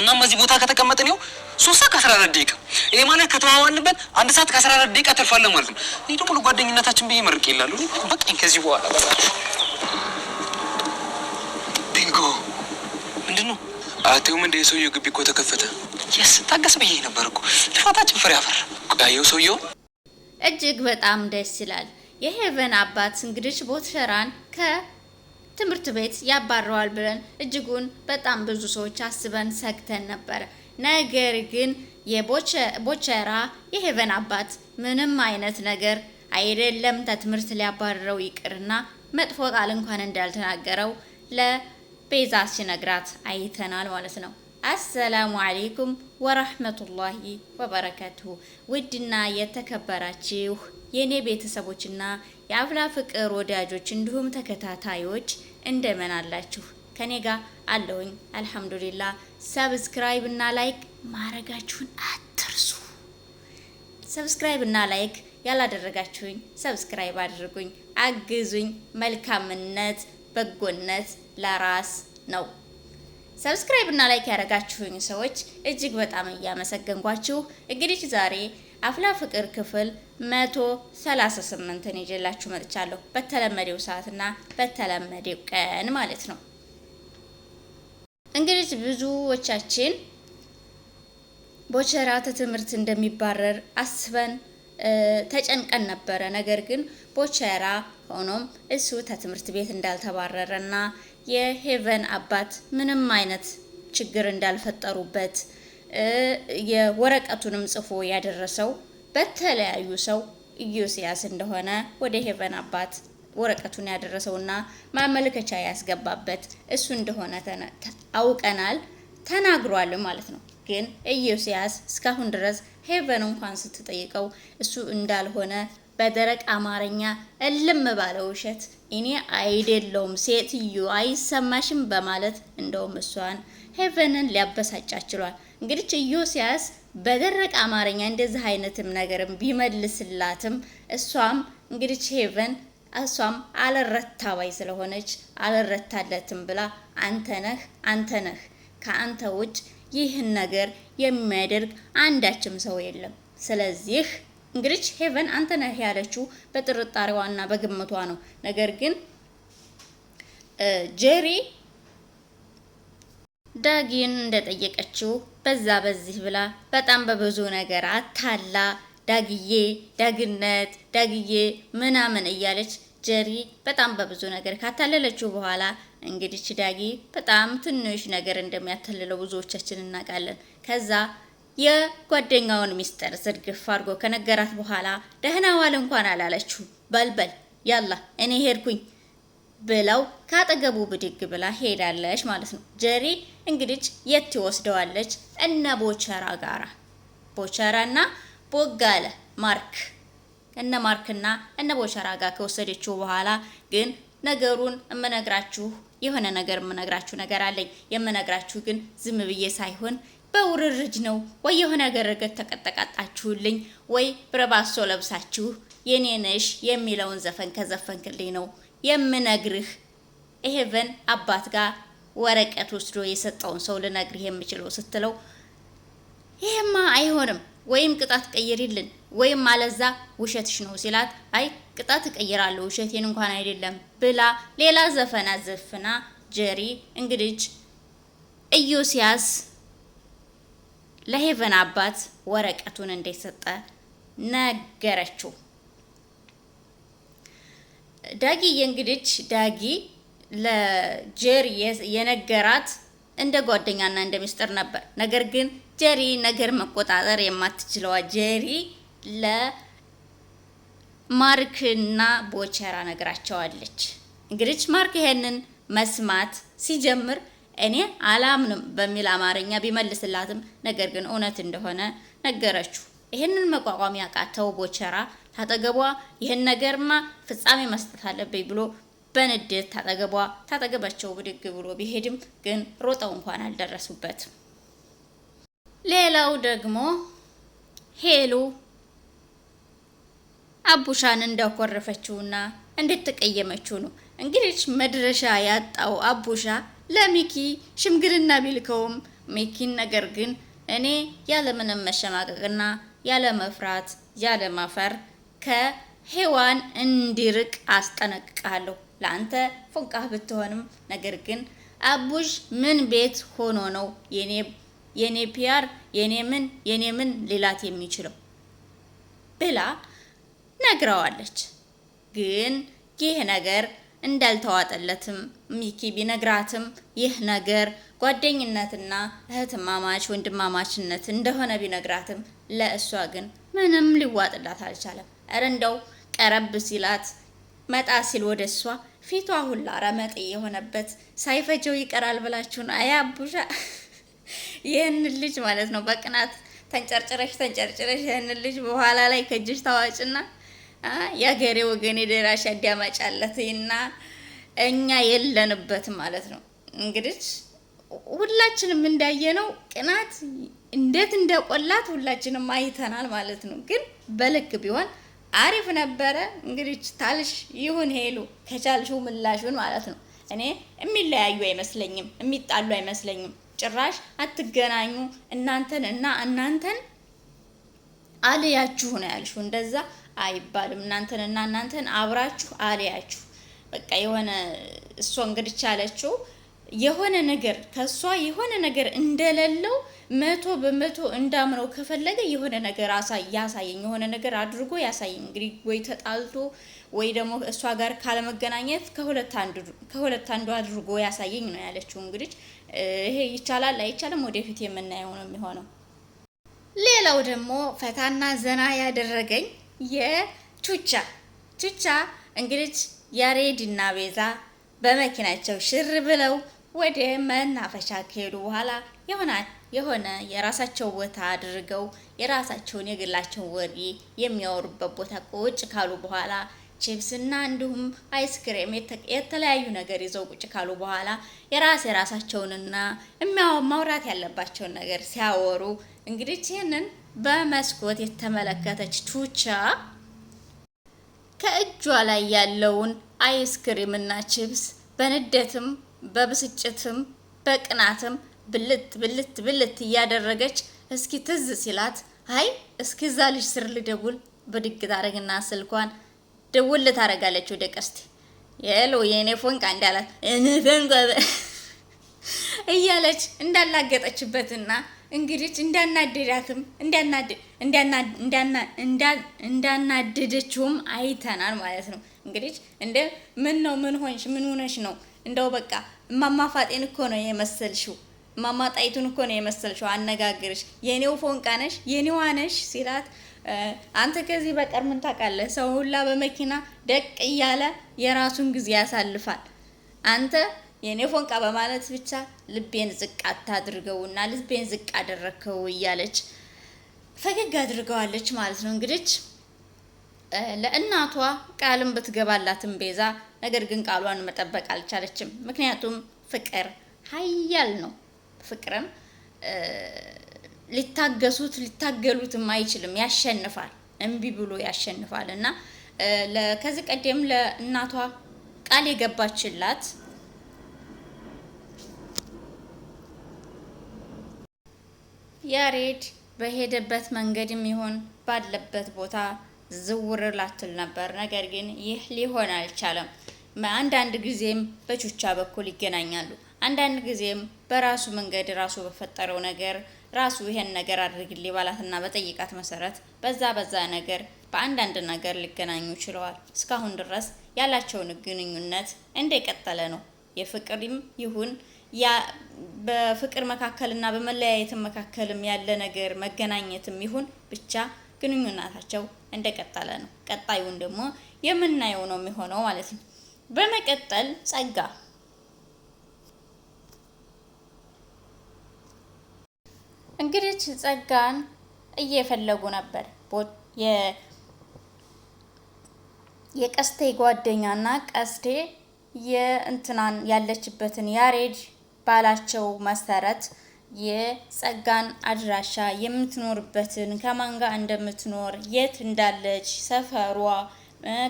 እናም እዚህ ቦታ ከተቀመጠ ነው ሶስት ሰዓት ከአስራ አራት ደቂቃ ይሄ ማለት ከተዋዋንበት አንድ ሰዓት ከአስራ አራት ደቂቃ ትርፋለህ ማለት ነው። ይህ ደግሞ ለጓደኝነታችን ብዬ መርቅ ይላሉ። በቃኝ ከዚህ በኋላ ቢንጎ ምንድን ነው አትይውም እንደ የሰውየው ግቢ እኮ ተከፈተ። የስ ታገስ ብዬ ነበር እኮ ልፋታችን ፍሬ አፈር ያየው ሰውየው እጅግ በጣም ደስ ይላል። የሄቨን አባት እንግዲህ ቦት ሸራን ከ ትምህርት ቤት ያባረዋል ብለን እጅጉን በጣም ብዙ ሰዎች አስበን ሰግተን ነበረ። ነገር ግን የቦቸራ የሄቨን አባት ምንም አይነት ነገር አይደለም ተትምህርት ሊያባረረው ይቅርና መጥፎ ቃል እንኳን እንዳልተናገረው ለቤዛ ሲነግራት አይተናል ማለት ነው። አሰላሙ አሌይኩም ወረህመቱላሂ ወበረካቱሁ። ውድና የተከበራችሁ የእኔ ቤተሰቦችና የአፍላ ፍቅር ወዳጆች እንዲሁም ተከታታዮች እንደምን አላችሁ? ከኔ ጋር አለውኝ አልሐምዱሊላ። ሰብስክራይብ እና ላይክ ማድረጋችሁን አትርሱ። ሰብስክራይብ እና ላይክ ያላደረጋችሁኝ ሰብስክራይብ አድርጉኝ፣ አግዙኝ። መልካምነት በጎነት ለራስ ነው። ሰብስክራይብ እና ላይክ ያደረጋችሁኝ ሰዎች እጅግ በጣም እያመሰገንኳችሁ እንግዲህ ዛሬ አፍላ ፍቅር ክፍል መቶ ሰላሳ ስምንትን ይዤላችሁ መጥቻለሁ። በተለመደው ሰዓትና በተለመደው ቀን ማለት ነው። እንግዲህ ብዙዎቻችን ቦቸራ ከትምህርት እንደሚባረር አስበን ተጨንቀን ነበረ። ነገር ግን ቦቸራ። ሆኖም እሱ ከትምህርት ቤት እንዳልተባረረና የሄቨን አባት ምንም አይነት ችግር እንዳልፈጠሩበት የወረቀቱንም ጽፎ ያደረሰው በተለያዩ ሰው ኢዮስያስ እንደሆነ ወደ ሄቨን አባት ወረቀቱን ያደረሰውና ማመልከቻ ያስገባበት እሱ እንደሆነ አውቀናል፣ ተናግሯል ማለት ነው። ግን ኢዮስያስ እስካሁን ድረስ ሄቨን እንኳን ስትጠይቀው እሱ እንዳልሆነ በደረቅ አማርኛ እልም ባለ ውሸት እኔ አይደለውም ሴትዮ አይሰማሽም በማለት እንደውም እሷን ሄቨንን ሊያበሳጫ ችሏል። እንግዲህ ኢዮስያስ በደረቅ አማርኛ እንደዚህ አይነትም ነገርም ቢመልስላትም እሷም እንግዲህ ሄቨን እሷም አለረታ ባይ ስለሆነች አለረታለትም ብላ አንተ ነህ አንተ ነህ ከአንተ ውጭ ይህን ነገር የሚያደርግ አንዳችም ሰው የለም። ስለዚህ እንግዲህ ሄቨን አንተ ነህ ያለችው በጥርጣሬዋና በግምቷ ነው። ነገር ግን ጄሪ ዳጊን እንደጠየቀችው በዛ በዚህ ብላ በጣም በብዙ ነገር አታላ ዳግዬ ዳግነት ዳግዬ ምናምን እያለች ጀሪ በጣም በብዙ ነገር ካታለለችው በኋላ እንግዲህ ዳጊ በጣም ትንሽ ነገር እንደሚያታልለው ብዙዎቻችን እናውቃለን። ከዛ የጓደኛውን ሚስጥር ዝርግፍ አድርጎ ከነገራት በኋላ ደህና ዋል እንኳን አላለችው። በልበል ያላ እኔ ሄድኩኝ ብለው ካጠገቡ ብድግ ብላ ሄዳለች ማለት ነው። ጀሪ እንግዲህ የት ትወስደዋለች? እነ ቦቸራ ጋራ ቦቸራና ቦጋለ ማርክ እነ ማርክና እነ ቦቸራ ጋር ከወሰደችው በኋላ ግን ነገሩን የምነግራችሁ የሆነ ነገር የምነግራችሁ ነገር አለኝ። የምነግራችሁ ግን ዝም ብዬ ሳይሆን በውርርጅ ነው ወይ የሆነ ገረገት ተቀጠቃጣችሁልኝ ወይ ብረባሶ ለብሳችሁ የኔ ነሽ የሚለውን ዘፈን ከዘፈንክልኝ ነው የምነግርህ። ኤቨን አባት ጋር ወረቀት ወስዶ የሰጠውን ሰው ልነግርህ የምችለው ስትለው ይሄማ አይሆንም፣ ወይም ቅጣት ቀይሪልን ወይም አለዛ ውሸትሽ ነው ሲላት፣ አይ ቅጣት እቀይራለሁ ውሸቴን እንኳን አይደለም ብላ ሌላ ዘፈና ዘፍና ጀሪ እንግዲህ ኢዮስያስ ለሄቨን አባት ወረቀቱን እንደሰጠ ነገረችው። ዳጊ እንግዲች ዳጊ ለጀሪ የነገራት እንደ ጓደኛና እንደ ሚስጥር ነበር። ነገር ግን ጀሪ ነገር መቆጣጠር የማትችለዋ ጀሪ ለማርክና ቦቸራ ነግራቸዋለች። እንግዲች ማርክ ይሄንን መስማት ሲጀምር እኔ አላምንም በሚል አማርኛ ቢመልስላትም ነገር ግን እውነት እንደሆነ ነገረችው። ይህንን መቋቋም ያቃተው ቦቸራ ታጠገቧ ይህን ነገርማ ፍጻሜ መስጠት አለብኝ ብሎ በንዴት ታጠገቧ ታጠገባቸው ብድግ ብሎ ቢሄድም ግን ሮጠው እንኳን አልደረሱበት። ሌላው ደግሞ ሄሉ አቡሻን እንዳኮረፈችውና እንድትቀየመችው ነው። እንግዲህ መድረሻ ያጣው አቡሻ ለሚኪ ሽምግልና ቢልከውም ሚኪን ነገር ግን እኔ ያለምንም መሸማቀቅና ያለ መፍራት ያለ ማፈር ከሔዋን እንዲርቅ አስጠነቅቃለሁ። ለአንተ ፎንቃህ ብትሆንም ነገር ግን አቡሽ ምን ቤት ሆኖ ነው የኔ የኔ ፒያር የኔ ምን የኔ ምን ሌላት የሚችለው ብላ ነግረዋለች። ግን ይህ ነገር እንዳልተዋጠለትም ሚኪ ቢነግራትም ይህ ነገር ጓደኝነትና እህትማማች ወንድማማችነት እንደሆነ ቢነግራትም ለእሷ ግን ምንም ሊዋጥላት አልቻለም። እረ እንደው ቀረብ ሲላት መጣ ሲል ወደ እሷ ፊቷ ሁላ ረመጤ የሆነበት ሳይፈጀው ይቀራል ብላችሁን ነው? አቡሻ ይህን ልጅ ማለት ነው በቅናት ተንጨርጭረሽ ተንጨርጭረሽ ይህን ልጅ በኋላ ላይ ከእጅሽ ታዋጭና የአገሬ ወገኔ ደራሽ አዳማጭ አላት እና እኛ የለንበት ማለት ነው። እንግዲህ ሁላችንም እንዳየነው ቅናት እንዴት እንደቆላት ሁላችንም አይተናል ማለት ነው። ግን በልክ ቢሆን አሪፍ ነበረ። እንግዲህ ታልሽ ይሁን ሄሉ ከቻልሽው ምላሹን ማለት ነው። እኔ የሚለያዩ አይመስለኝም፣ የሚጣሉ አይመስለኝም። ጭራሽ አትገናኙ እናንተን እና እናንተን አልያችሁ ነው ያልሽው እንደዛ አይባልም። እና እናንተን አብራችሁ አልያችሁ በቃ የሆነ እሷ እንግዲህ አለችው የሆነ ነገር ከሷ የሆነ ነገር እንደሌለው መቶ በመቶ እንዳምነው ከፈለገ የሆነ ነገር ያሳየኝ፣ የሆነ ነገር አድርጎ ያሳየኝ። እንግዲህ ወይ ተጣልቶ ወይ ደግሞ እሷ ጋር ካለመገናኘት ከሁለት አንዱ አድርጎ ያሳየኝ ነው ያለችው። እንግዲህ ይሄ ይቻላል አይቻልም፣ ወደፊት የምናየው ነው የሚሆነው። ሌላው ደግሞ ፈታና ዘና ያደረገኝ የቹቻ ቹቻ እንግዲህ ያሬድና ቤዛ በመኪናቸው ሽር ብለው ወደ መናፈሻ ከሄዱ በኋላ ይሆናል የሆነ የራሳቸው ቦታ አድርገው የራሳቸውን የግላቸውን ወሬ የሚያወሩበት ቦታ ቁጭ ካሉ በኋላ ቺፕስና እንዲሁም አይስክሬም የተለያዩ ነገር ይዘው ቁጭ ካሉ በኋላ የራስ የራሳቸውንና ማውራት ያለባቸውን ነገር ሲያወሩ እንግዲህ ይህንን በመስኮት የተመለከተች ቱቻ ከእጇ ላይ ያለውን አይስክሪምና ቺፕስ በንደትም በብስጭትም በቅናትም ብልት ብልት ብልት እያደረገች እስኪ ትዝ ሲላት አይ እስኪ እዛ ልጅ ስር ልደውል ብድግ ታደርግና ስልኳን ደውል ልታደረጋለች ወደ ቀስቴ የሎ የእኔ ፎንቃ እንዳላት እኔ ፎንቃ እያለች እንዳላገጠችበትና እንግዲህ እንዳናደዳትም እንዳናደደችውም አይተናል ማለት ነው። እንግዲህ እንደ ምን ነው ምን ሆንሽ ምን ሆነሽ ነው እንደው በቃ እማማፋጤን እኮ ነው የመሰልሽው እማማ ጣይቱን እኮ ነው የመሰልሽው አነጋግርሽ የኔው ፎንቃነሽ የኔዋ ነሽ ሲላት አንተ ከዚህ በቀር ምን ታውቃለህ? ሰው ሁላ በመኪና ደቅ እያለ የራሱን ጊዜ ያሳልፋል። አንተ የኔ ፎንቃ በማለት ብቻ ልቤን ዝቅ አታድርገውና ልቤን ዝቅ አደረከው እያለች ፈገግ አድርገዋለች ማለት ነው። እንግዲህ ለእናቷ ቃልን ብትገባላትም ቤዛ ነገር ግን ቃሏን መጠበቅ አልቻለችም። ምክንያቱም ፍቅር ኃያል ነው። ፍቅርም ሊታገሱት ሊታገሉትም አይችልም። ያሸንፋል፣ እምቢ ብሎ ያሸንፋል እና ከዚህ ቀደም ለእናቷ ቃል የገባችላት ያሬድ በሄደበት መንገድም ይሁን ባለበት ቦታ ዝውር ላትል ነበር። ነገር ግን ይህ ሊሆን አልቻለም። አንዳንድ ጊዜም በቹቻ በኩል ይገናኛሉ። አንዳንድ ጊዜም በራሱ መንገድ ራሱ በፈጠረው ነገር ራሱ ይሄን ነገር አድርግልኝ ባላትና በጠይቃት መሰረት በዛ በዛ ነገር በአንዳንድ ነገር ሊገናኙ ችለዋል። እስካሁን ድረስ ያላቸውን ግንኙነት እንደቀጠለ ነው። የፍቅርም ይሁን ያ በፍቅር መካከልና በመለያየትም መካከልም ያለ ነገር መገናኘትም ይሁን ብቻ ግንኙነታቸው እንደቀጠለ ነው። ቀጣዩን ደግሞ የምናየው ነው የሚሆነው ማለት ነው። በመቀጠል ጸጋ እንግዲህ ጸጋን እየፈለጉ ነበር። የቀስቴ ጓደኛና ቀስቴ የእንትናን ያለችበትን ያሬድ ባላቸው መሰረት የጸጋን አድራሻ የምትኖርበትን ከማን ጋር እንደምትኖር የት እንዳለች ሰፈሯ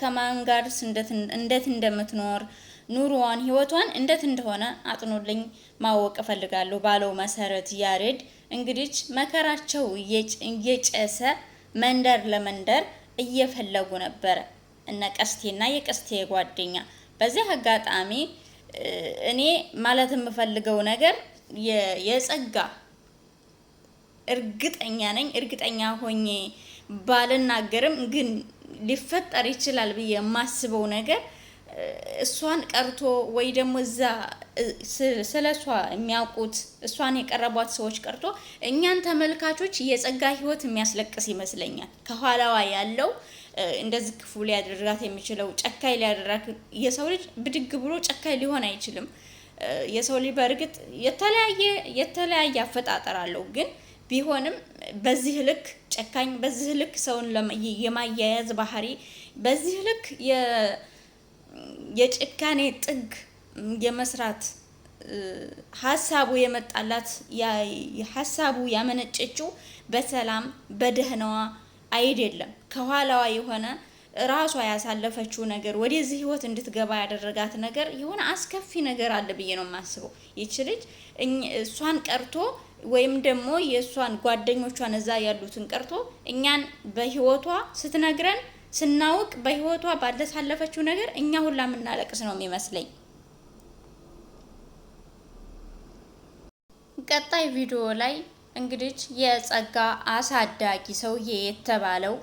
ከማን ጋር እንዴት እንደምትኖር ኑሮዋን ህይወቷን እንዴት እንደሆነ አጥኖልኝ ማወቅ እፈልጋለሁ ባለው መሰረት ያሬድ እንግዲህ መከራቸው እየጨሰ መንደር ለመንደር እየፈለጉ ነበረ እነ ቀስቴና የቀስቴ ጓደኛ በዚህ አጋጣሚ እኔ ማለት የምፈልገው ነገር የጸጋ እርግጠኛ ነኝ። እርግጠኛ ሆኜ ባልናገርም ግን ሊፈጠር ይችላል ብዬ የማስበው ነገር እሷን ቀርቶ ወይ ደግሞ እዛ ስለ እሷ የሚያውቁት እሷን የቀረቧት ሰዎች ቀርቶ እኛን ተመልካቾች የጸጋ ህይወት የሚያስለቅስ ይመስለኛል። ከኋላዋ ያለው እንደዚህ ክፉ ሊያደርጋት የሚችለው ጨካኝ ሊያደርጋት የሰው ልጅ ብድግ ብሎ ጨካኝ ሊሆን አይችልም። የሰው ልጅ በእርግጥ የተለያየ የተለያየ አፈጣጠር አለው ግን ቢሆንም በዚህ ልክ ጨካኝ፣ በዚህ ልክ ሰውን የማያያዝ ባህሪ፣ በዚህ ልክ የጭካኔ ጥግ የመስራት ሀሳቡ የመጣላት ሀሳቡ ያመነጨችው በሰላም በደህናዋ አይደለም። ከኋላዋ የሆነ ራሷ ያሳለፈችው ነገር ወደዚህ ህይወት እንድትገባ ያደረጋት ነገር የሆነ አስከፊ ነገር አለ ብዬ ነው የማስበው። ይች ልጅ እሷን ቀርቶ ወይም ደግሞ የእሷን ጓደኞቿን እዛ ያሉትን ቀርቶ እኛን በህይወቷ ስትነግረን ስናውቅ በህይወቷ ባለሳለፈችው ነገር እኛ ሁላ የምናለቅስ ነው የሚመስለኝ። ቀጣይ ቪዲዮ ላይ እንግዲህ የጸጋ አሳዳጊ ሰውዬ የተባለው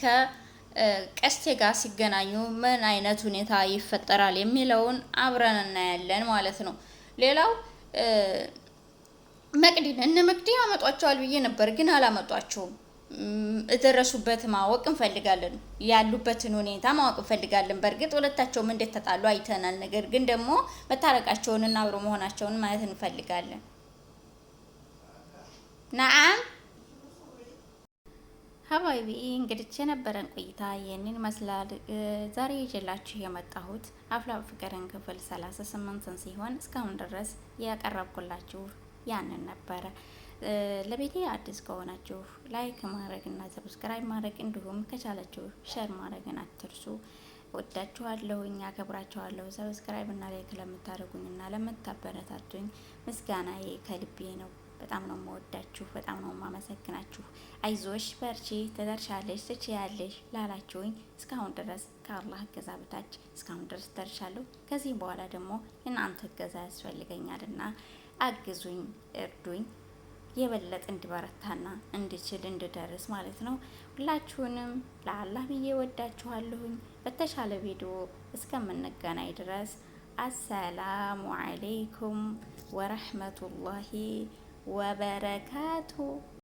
ከቀስቴ ጋር ሲገናኙ ምን አይነት ሁኔታ ይፈጠራል የሚለውን አብረን እናያለን ማለት ነው። ሌላው መቅዲን እነ መቅዲ ያመጧቸዋል ብዬ ነበር፣ ግን አላመጧቸውም። እደረሱበት ማወቅ እንፈልጋለን። ያሉበትን ሁኔታ ማወቅ እንፈልጋለን። በእርግጥ ሁለታቸውም እንዴት ተጣሉ አይተናል። ነገር ግን ደግሞ መታረቃቸውን እና አብሮ መሆናቸውን ማየት እንፈልጋለን። ነአም ሀባይቢ እንግዲህ የነበረን ቆይታ ይህንን ይመስላል። ዛሬ ይዤላችሁ የመጣሁት አፍላ ፍቅርን ክፍል ሰላሳ ስምንትን ሲሆን እስካሁን ድረስ ያቀረብኩላችሁ ያንን ነበረ። ለቤቴ አዲስ ከሆናችሁ ላይክ ማድረግ እና ሰብስክራይብ ማድረግ እንዲሁም ከቻላችሁ ሸር ማድረግን አትርሱ። እኛ አከብራችኋለሁ። ሰብስክራይብ እና ላይክ ለምታደርጉኝ እና ለምታበረታቱኝ ምስጋናዬ ከልቤ ነው። በጣም ነው የምወዳችሁ፣ በጣም ነው የማመሰግናችሁ። አይዞሽ በርቺ፣ ትደርሻለሽ፣ ትችያለሽ ላላችሁኝ እስካሁን ድረስ ከአላህ እገዛ በታች እስካሁን ድረስ ደርሻለሁ። ከዚህ በኋላ ደግሞ እናንተ እገዛ ያስፈልገኛልና አግዙኝ፣ እርዱኝ። የበለጠ እንድበረታና እንድችል እንድደርስ ማለት ነው። ሁላችሁንም ለአላህ ብዬ ወዳችኋለሁኝ። በተሻለ ቪዲዮ እስከምንገናኝ ድረስ አሰላሙ አለይኩም ወረህመቱላሂ ወበረካቱ።